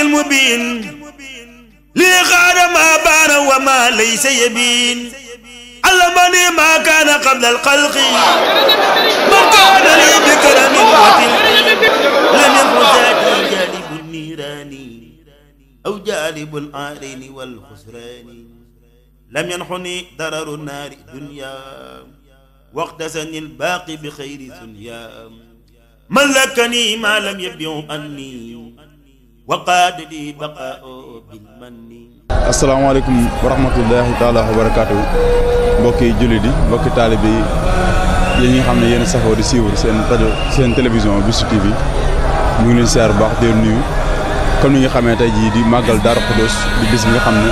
الحق المبين لغار ما بان وما ليس يبين علمني ما كان قبل الخلق ما كان لي بكرم لمن غزاتي جالب النيران أو جالب العارين والخسران لم ينحني ضرر النار دنيا واقتسني الباقي بخير ثنيا ملكني ما لم يبيع أني waqaadali baqaa'u bil manni asalaamaaleykum wa rahmatullahi taala wa barakaatu mbokki jullit yi mbokki taalibe yi yéen ñi nga xam ne yéen safoo di suivre seen rajo seen télévision Bichri TV mu ngi leen siyaar bu baax di leen nuyu comme ni nga xamee tey jii di màggal Daaru Xudoos di bis bi nga xam ne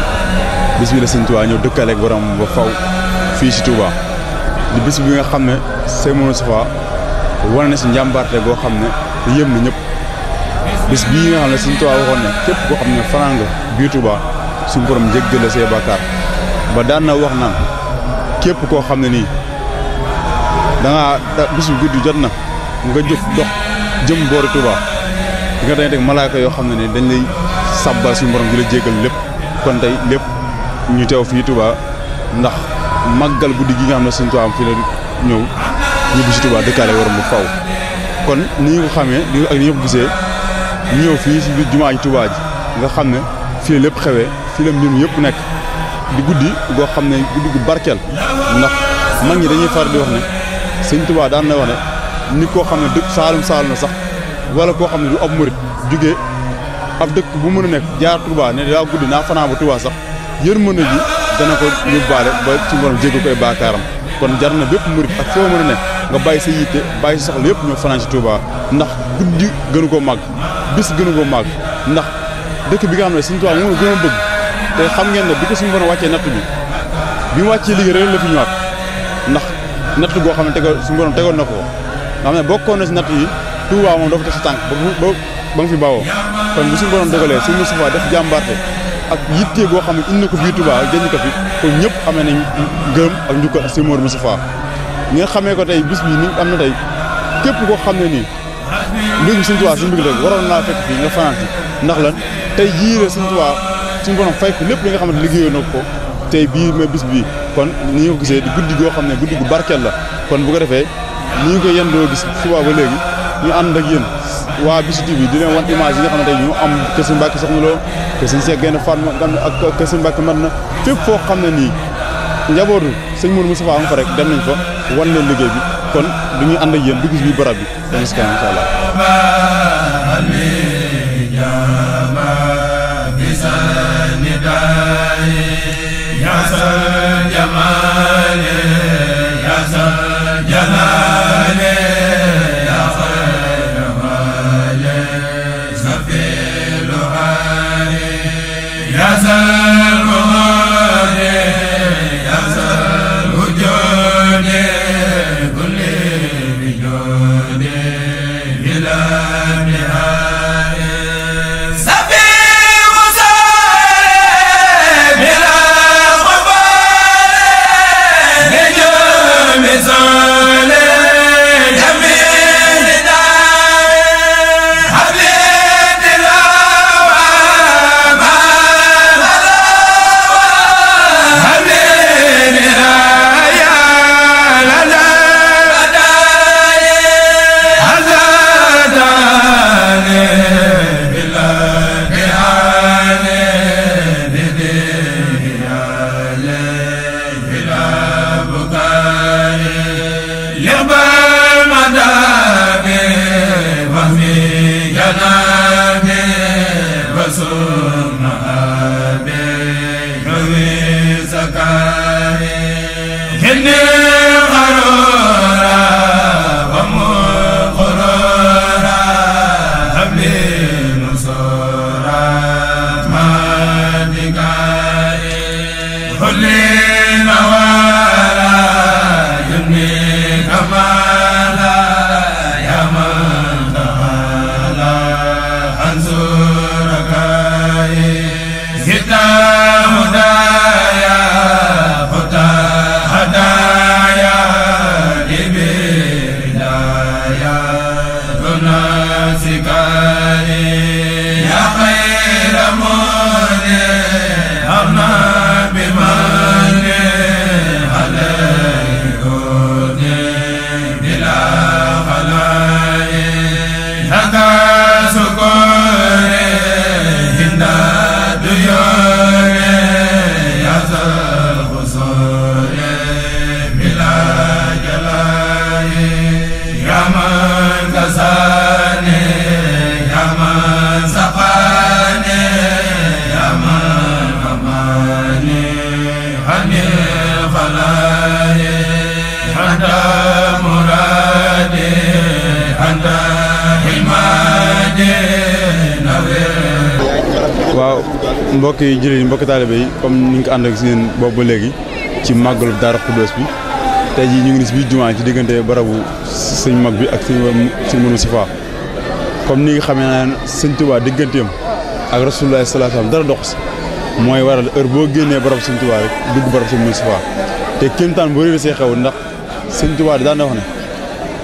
bis bi la Sëñ Tuubaa ñëw dëkkaleeg borom ba faw fii si Touba di bis bi nga xam ne Sëñ Moustapha wane na si njàmbaarte goo xam ne yëm na ñëpp bis bii nga xam ne suñ Tuubaa waxoon ne képp koo xam ne farang biir tubaa suñu borom jéggal la see bàkkaar ba daan na wax naan képp koo xam ne nii da ngaa bis bu guddi na nga jóg dox jëm boori Tuubaa di teg malaaka yoo xam ne ni dañ lay sàbbal suñu borom di la jéggal lépp kon tey lépp ñu teew fii tubaa ndax màggal guddi gi nga xam ne suñ Tuubaa am fii la ñëw ñibbi si Tuubaa dëkkaale waram bu faw kon ni ñu ko xamee ak ni ko gisee ñu ñëw fii si biir jumaa ji Tuubaa ji nga xam ne fii lépp xewee fii la mbir mi yëpp nekk di guddi goo xam ne guddi gu barkeel ndax mag ñi dañuy far di wax ne sëñ Tuubaa daan na wax ne ni koo xam ne dëkk saalum saalum na sax wala koo xam ne du ab murit jugee ab dëkk bu mën a nekk jaar Tuubaa ne daa guddi naa fanaan ba Tuubaa sax yërmande ji dana ko yóbbaale ba ci borom ko koy baakaaram kon jar na bépp murit ak foo mën a nekk nga bàyyi sa yitte bàyyi sa soxla yëpp ñoo fanaan ci Touba ndax guddi gënu ko màgg bis gënu ko màgg ndax dëkk bi nga xam ne Sëñ Touba moom la gën a bëgg te xam ngeen ne bi ko suñu borom wàccee natt bi bi mu wàccee liggéey rek la fi ñëwaat ndax natt goo xam ne tegal suñu borom tegoon na ko nga xam ne bokkoon na si natt yi Touba moom dafa teg sa tànk ba ba nga fi bawoo kon bu suñu borom dogalee si Moustapha def jàmbaarte ak yitte goo xam ne indi ko fii Touba ak jënd ko fi kon ñëpp amee nañ gërëm ak njukkal ak Sëñ Moor Moustapha ñi nga xamee ko tey bis bi ni am na tey képp koo xam ne nii mbir mi Sëñ Tuubaa suñu bëgg rek waroon naa fekk fii nga fanaan fi ndax lan tey jii la Sëñ Tuubaa suñu borom lépp yi nga xamante liggéeyoo na ko tey biir ma bis bii kon ni ko gisee di guddi goo xam ne guddi gu barkeel la kon bu ko defee ni ngi koy bis gis waa ba léegi ñu ànd ak yéen waa Bichri TV di leen wan image yi nga xam ne tey ñu am kër Sëñ Mbàkke Soxna Lo kër Sëñ Seex Gaynde Fatma ak kër Sëñ Mbàkke na fépp foo xam ne nii njabootu sëñ Mourou Moustapha am fa rek dem nañ fa wan leen liggéey bi kon du ñuy ànd ak yéen bi ci biir barab bi dañu si mbokki jullit yi mbokki taalibe yi comme ni nga ko ànd ak si yéen boobu léegi ci màggalu Daaru Xudoos bi tey jii ñu ngi ni si biir jumaa ci diggante barabu sëñ mag bi ak sëñ sëñ mënu si faa comme ni nga xamee naa sëñ Tuubaa digganteem ak Rasulullah sallallahu alayhi wasallam dara dox si mooy waral heure boo génnee barabu sëñ Tuubaa rek dugg barabu sëñ mënu si faa te kéemtaan bu réeré see xew ndax sëñ Tuubaa daan na wax ne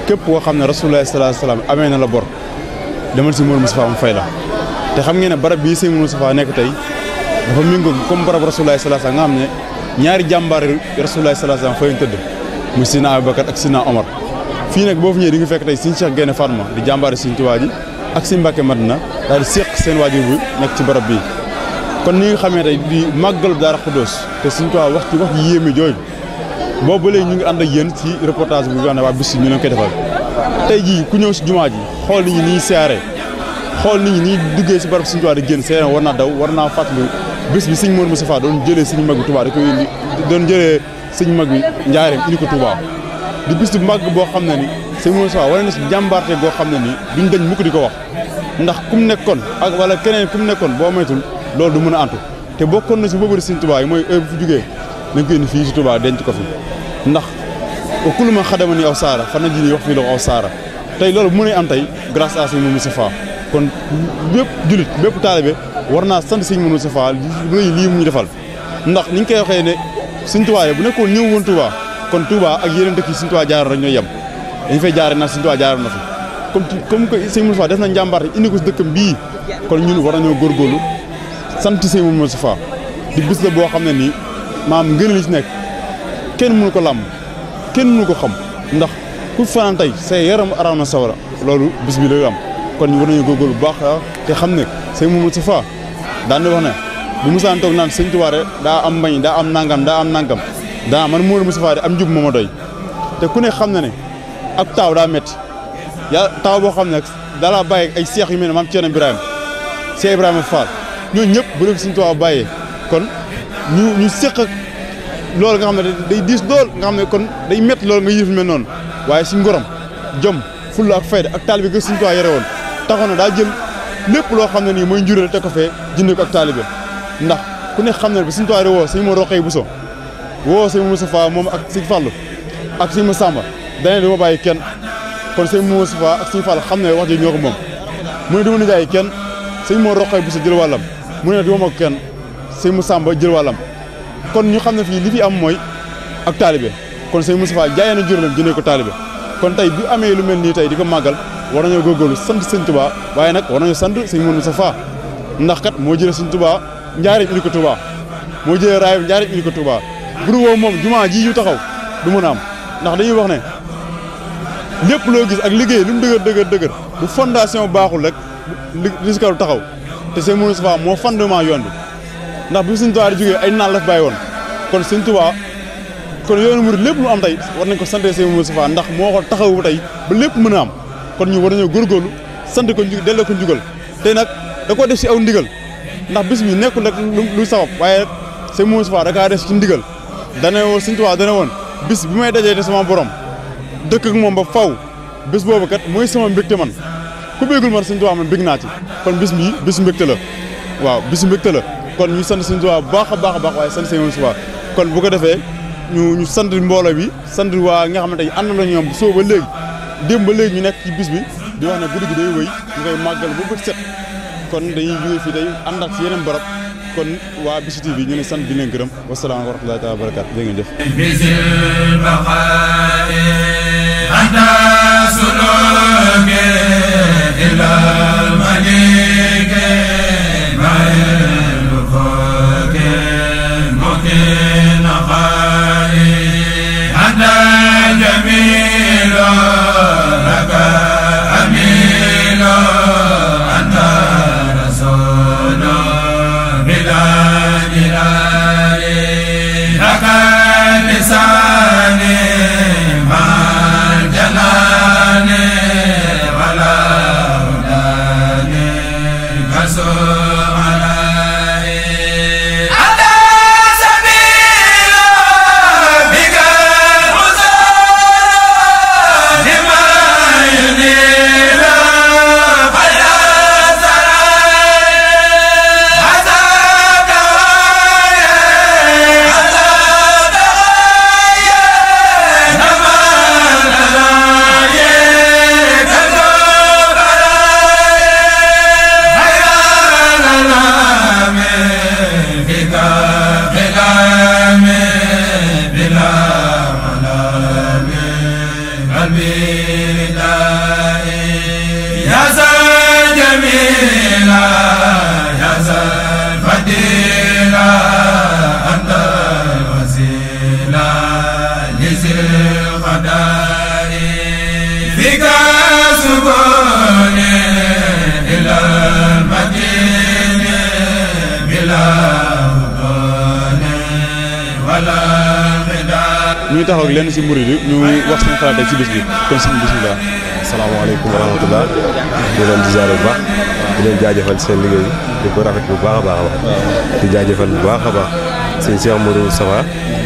képp koo xam ne Rasulullah sallallahu alayhi wasallam amee na la bor demal si Mor Moustapha mu fay la te nekk tey dafa méngóog comme barab rasulullahi sallallahu alayhi wasallam nga xam ne ñaari jàmbaar rasulullahi sallallahu alayhi wasallam fa ñu tëdd mu sina Abubakar ak sina Omar fii nag boo fi ñëwee di nga fekk si Sëriñ Cheikh Gaïndé Fatma di jàmbaari Sëriñ Tuubaa ji ak Sëriñ Mbàkke Madina daal séq seen waajur bi nekk ci barab bii kon ni nga xamee tey di màggal Daaru Xudoos te Sëriñ Tuubaa wax ci wax yi yéeme jooju boobu ba ñu ngi ànd ak si ci reportage bi nga ne waa bis ñu leen koy defal tey jii ku ñëw si jumaa ji xool nit ñi ni xool nit ñi ni si barab Sëriñ Tuubaa di génn seen war daw war naa fàttali bis bi sëñ Mor Moustapha doon jëlee sëñ mag bi Touba da koy indi doon jëlee sëñ mag bi njaareem indi ko di bis bu màgg boo xam ne ni sëñ Mor Moustapha wane na si jàmbaarte goo xam ne nii duñ dañ mukk di ko wax ndax ku mu nekkoon ak wala keneen ku mu nekkoon boo moytul loolu du mën a antu te bokkoon na si boobu sëñ Touba yi mooy heure bu fi jógee dañ koy indi fii si Touba denc ko fi ndax wa kullu ma xadama ni aw saara fan na ji wax fii la aw saara tey loolu bu mënee am tey grâce à sëñ Mor Moustapha kon bépp julit bépp war naa sant sëñ Mourou Moustapha lii mu ñu defal ndax ni ñu koy waxee ne sëñ Tuubaa bu nekkoon ñëw woon Touba kon Touba ak yeneen dëkk yi sëñ Tuubaa jaaroon rek ñooy yem dañu fay jaare ndax sëñ Tuubaa jaaroon na fi comme comme que sëñ Moustapha def na njàmbaar indi ko si dëkkam bii kon ñun war nañoo góorgóorlu sant sëñ Mourou Moustapha di bis la boo xam ne nii maam ngën li ci nekk kenn munu ko làmm kenn mënu ko xam ndax ku fanaan tey say yaram araam na sawara loolu bis bi lay am kon ñu war nañu góorgóorlu bu baax te xam ne sëñ Mourou Moustapha daan wax ne bu musaan toog naan sëñ Tuubaa daa am mbañ daa am nangam daa am nangam daa man Mourou Moustapha de am njub moo ma doy te ku ne xam na ne ab taaw daa métti ya taaw boo xam ne daa laa ay seex yu mel ne maam Thierno Ibrahima Cheikh Ibrahima Fall ñooñu ñëpp bu dee sëñ Tuubaa bàyyee kon ñu ñu séq loolu nga xam ne day diis lool nga xam ne kon day métti loolu nga yëf mel noonu waaye si ngorom jom fulla ak fayda ak taal bi nga sëñ Tuubaa yore woon taxoon na daa jël. lépp loo xam ne nii mooy njuréel te ko fee jënd ko ak taalibe ndax ku ne xam ne ba suñu tuwaari woo suñu ma roqee bu so woo sëñ Moustapha moom ak sëñ Fallou ak sëñ Massamba dane du ma bàyyi kenn kon sëñ Moustapha ak sëñ Fallou xam ne wax ji ñoo ko moom mu ne du ma nijaay kenn sëñ moo roqee bu so jël wàllam mu ne du ma mag kenn sëñ Massamba jël wàllam kon ñu xam ne fii li fi am mooy ak taalibe kon sëñ Moustapha jaayee na juréelam jëndee ko taalibe kon tey bu amee lu mel nii tey di ko màggal war nañoo góorgóorlu sant sëñ Touba waaye nag war nañoo sant sëñ sa Moustapha ndax kat moo jëlee sëñ Touba njaareem indi ko Touba moo jëlee raayam njaareem indi ko woo moom jumaa ji yu taxaw du mën a am ndax dañuy wax ne lépp loo gis ak liggéey lu mu dëgër dëgër dëgër bu fondation baaxul rek risque lu taxaw te sëñ Mourou Moustapha moo fondement yoon bi ndax bu sëñ Touba di ay naa la fi bàyyi woon kon sëñ Touba kon yoonu murid lépp lu am tey war nañ ko sant sëñ Mourou Moustapha ndax moo ko taxawu tey ba lépp mën a am kon ñu war nañoo góorgóorlu sant ko delloo ko njugal tey nag da koo def si aw ndigal ndax bis bi nekkul rek lu sabab waaye rek sëñ Moustapha da kaa def ci ndigal dana woon sëñ Tuubaa dana woon bis bi may dajee de samaa borom dëkk ak moom ba faw bis boobu kat mooy sama mbégte man ku béggul man sëñ Tuubaa man bég naa ci kon bis bi bisu mbégte waaw bisu mbégte la kon ñu sant sëñ Tuubaa baax a baax a baax waaye sant sëñ Moustapha kon bu ko defee ñu ñu sant mbooloo bi sandir waa nga xamante ne ànd na ñoom soo ba léegi démb ba léegi ñu nekk ci bis bi di wax ne guddi gi day wëy ñu koy màggal bu kon dañuy jógee fii day ànd ak yeneen barab kon waa Bichri TV bi ñu ne sant di leen gërëm wasalaam wa rahmatullahi taala wa barakaatu jërë ngeen jëf bisil baqaai anta suluke ñu taxaw ak lenn si mburu yi ñu wax seen xalaat si bis bi kon sëñ bi bisimilah. asalaamaaleykum wa rahmatulah. di leen di ziare bu baax. di leen jaajëfal seen liggéey di ko rafet bu baax a baax a di jaajëfal bu baax a baax. sëñ Cheikh Modou Moustapha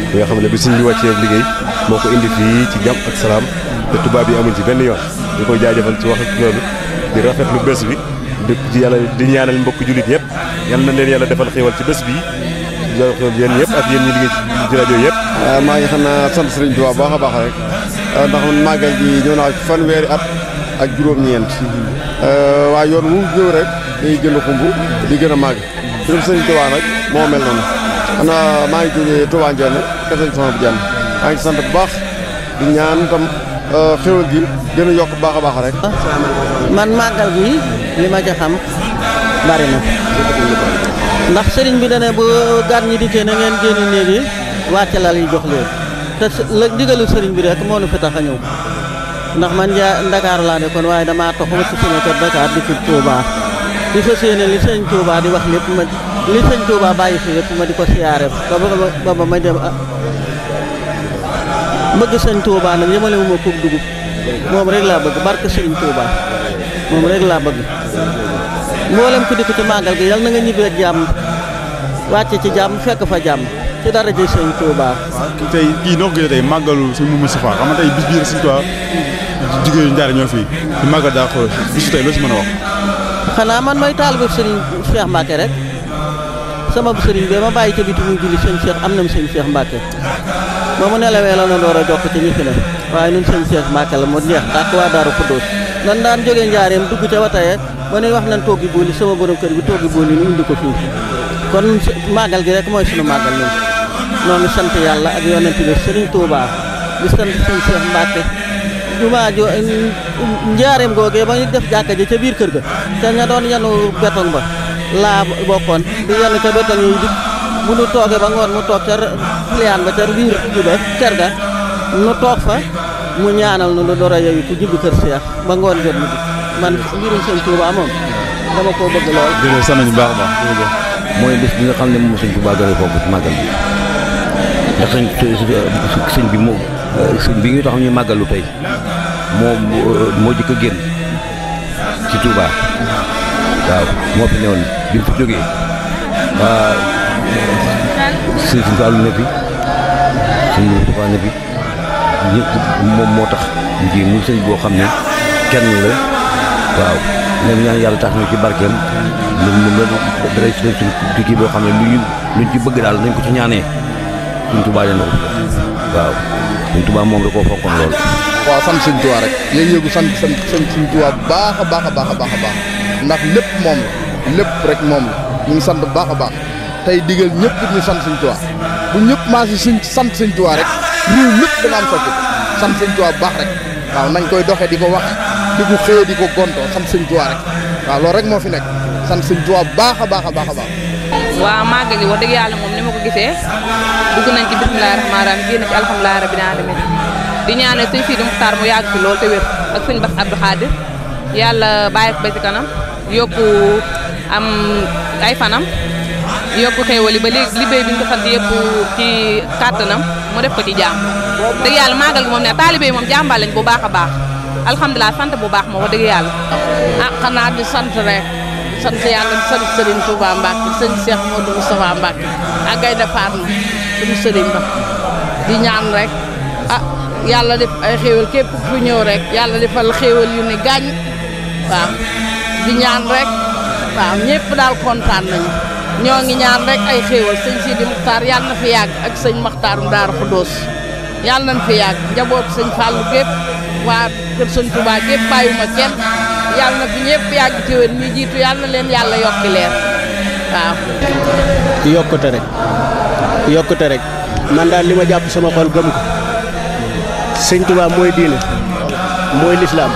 mi nga xam ne bi sëñ bi wàccee liggéey moo ko indi fii ci jàmm ak salaam te tubaab yi amul ci benn yoon di koy jaajëfal ci wax ak loolu di rafetlu bés bi di yàlla di ñaanal mbokk jullit yëpp yal na leen yàlla defal xéewal ci bés bi Diaw Xewël yéen ñëpp ak yéen ñi liggéey ci rajo yëpp. Euh, maa ngi xanaa sant Sëriñ Tuubaa baax a baax rek euh, ndax man màggal gi ñëw naa fanweeri at ak juróom-ñeent. Euh, waaye yoon wu ñëw rek day gën a xumb di gën a màgg. juróom Sëriñ Tuubaa nag moo mel noonu xanaa maa ngi jógee Tuubaa Ndiène kese bi sama Diagne maa ngi sant bu baax di ñaan tam xewël gi gën a yokk baax a baax rek. man màggal gi li ma ca bari na. ndax sëriñ bi dana bu gan ñi di na ngeen génn néeg yi wàcce lal yi jox leen te la ndigalu sëriñ bi rek moo nu fi tax a ñëw ndax man ja Ndakaar laa nekkoon waaye damaa toxuma ci sama kër Dakar di ci Touba di fas yéene li sëñ Touba di wax lépp ma li sëñ Touba bàyyi fi lépp ma di ko siyaare ba ba ba ma dem ah, bëgg sëñ Touba nag yemale wu ma koog dugub moom rek laa bëgg barke sëriñ Touba moom rek laa bëgg. mboolem ku dikk ci màggal gi yal na nga ñibbi ak jàmm ci jàmm fekk fa jàmm ci dara ji sëñ Touba. tey kii noo ko gisee tey màggalu sëñ Mouhamadou Moustapha xam nga tey bis bii rek sëñ Touba jigéen ñi jaar daa xool bisu tey loo mën a xanaa man mooy taalibu sëriñ Cheikh Mbacke rek sama bu sëriñ bee ma bàyyi ca biti muy julli sëñ Cheikh am na mu sëñ Cheikh Mbacke moom mu nelawee la na door a jokk ci ñi fi ne waaye ñun sëñ Cheikh Mbacke la mu neex tàkk waa Daaru Xuddoos nan daan ba ne wax nan toogi booli sama borom kër bi toogi booli nu indi ko fii kon màggal gi rek mooy sunu màggal ñun noonu sant yàlla ak yonent bi Sëriñ Tuubaa di sant sëñ Seex Mbàkke jumaa jo njaareem googee ba ñu def jàkka ji ca biir kër ga te ña doon yanu béton ba laa bokkoon di yanu ca béton yi dik bu nu toogee ba ngoon mu toog ca liyaan ba ca biir ji ba kër ga nu toog fa mu ñaanal nu lu dora yow ku jubbi ba ngoon man mbirum sëñ Touba moom dama koo bëgg lool. baax a mooy bés bi nga xam ne moom sëñ Touba gën a foog ci màggal bi ndax sëñ bi moom sëñ bi nga tax ñu màggalu tey moo moo jëkk a génn ci bi mu moom moo tax ji muy sëñ boo xam ne kenn la. waaw ñoom ñaan yàlla tax na ci barkeem ñun moom la dara ci di tukki boo xam ne lu ñu luñ ci bëgg daal nañ ko ci ñaanee suñ tubaa leen waaw suñ tubaa moom da koo fonkoon lool. waaw sant suñ tubaa rek yéen yëgu sant sant sant suñ tubaa baax a baax a baax a baax a baax ndax moom la lépp rek moom la ñu ngi baax a baax tey digal ñëpp ñu sant suñ tubaa bu ñëpp maa si suñ sant suñ tubaa rek réew lépp dana am sotti sant suñ baax rek waaw nañ koy doxe di ko waxee di ko xëyee di ko gontoo sant sëñ Tuubaa rek waaw loolu rek moo fi nekk sant sëñ Tuubaa baax a baax a baax waaw màggal gi wax dëgg yàlla moom ni ma ko gisee dugg nañ ci bismillaahi rahmaani rahiim génn ci alhamdulillaahi rabbil di ñaanal yàgg fi lool te wér ak yàlla bàyyi ba ci kanam yokku am ay fanam yokku xéewal yi ba léegi liggéey bi ñu ko sant yëpp ci kàttanam mu def ko jaam dëgg yàlla màggal gi moom ne taalibe yi moom jàmbaar lañ bu baax a baax. alhamdulilah sant bu baax ma wax dëgg yàlla. ah xanaa di sant rek sant yàlla di sant Serigne Touba Mbacke sëñ Cheikh Modou Moustapha Mbacke ak Gaynde Fatma suñu Serigne ba di ñaan rek ah yàlla def ay xéewal képp ku ñëw rek yàlla defal xéewal yu ne gaañ waaw di ñaan rek waaw ñëpp daal kontaan nañu. ñoo ngi ñaan rek ay xéewal sëñ Sidi Muxtaar yàlla na fi yàgg ak sëñ Maxtaarum Daaru Xudóos yàlla nañ fi yàgg njaboot sëñ Fàllu gépp waa kër sëñ Touba gépp bàyyuma kenn yàlla na fi ñëpp yàgg ci wér ñi jiitu yàlla leen yàlla yokki waaw. yokkute rek yokkute rek man daal li ma jàpp sama xol gëm ko sëñ Touba mooy diine mooy lislaam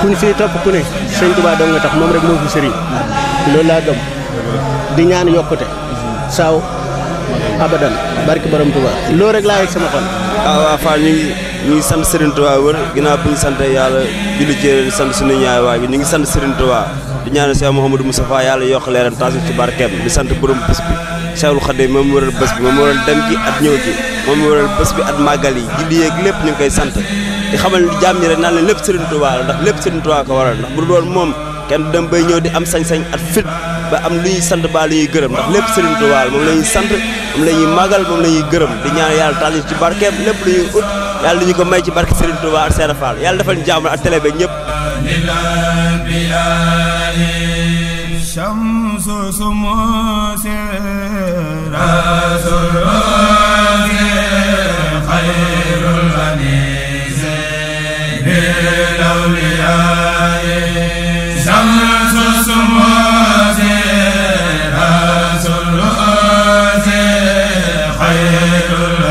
kuñ fii topp ku ne sëñ Touba dong nga tax moom rek moo fi sëriñ loolu laa gëm di ñaan yokkute saaw abadan barki borom Touba loolu rek laa yegg sama xol. Ah, ñu ngi sant Serigne Touba wër ginnaaw bu ñu sant yàlla julli ci sant suñu ñaay waay bi ñu ngi sant Serigne Touba di ñaanal Cheikh Mouhamadou Moustapha yàlla yokk leeram tasu ci barkeem di sant borom bés bi Cheikhul Khadim moom waral bés moom waral dem gi koy sant di xamal ni jaam ñi rek naan leen lépp Serigne Touba la ndax lépp dem bay ñëw di am sañ-sañ at fit ba am lu ñuy ba lu ñuy gërëm ndax lépp Serigne Touba moom la ñuy sant moom la ñuy màggal la ñuy gërëm di ñaan yàlla tasu ci barkeem lépp lu ñuy ut yàlla ñu ko may ci barke Serigne Touba ak Serigne Fall yàlla defal ñu jàmm ak télé beeg ñëpp. خير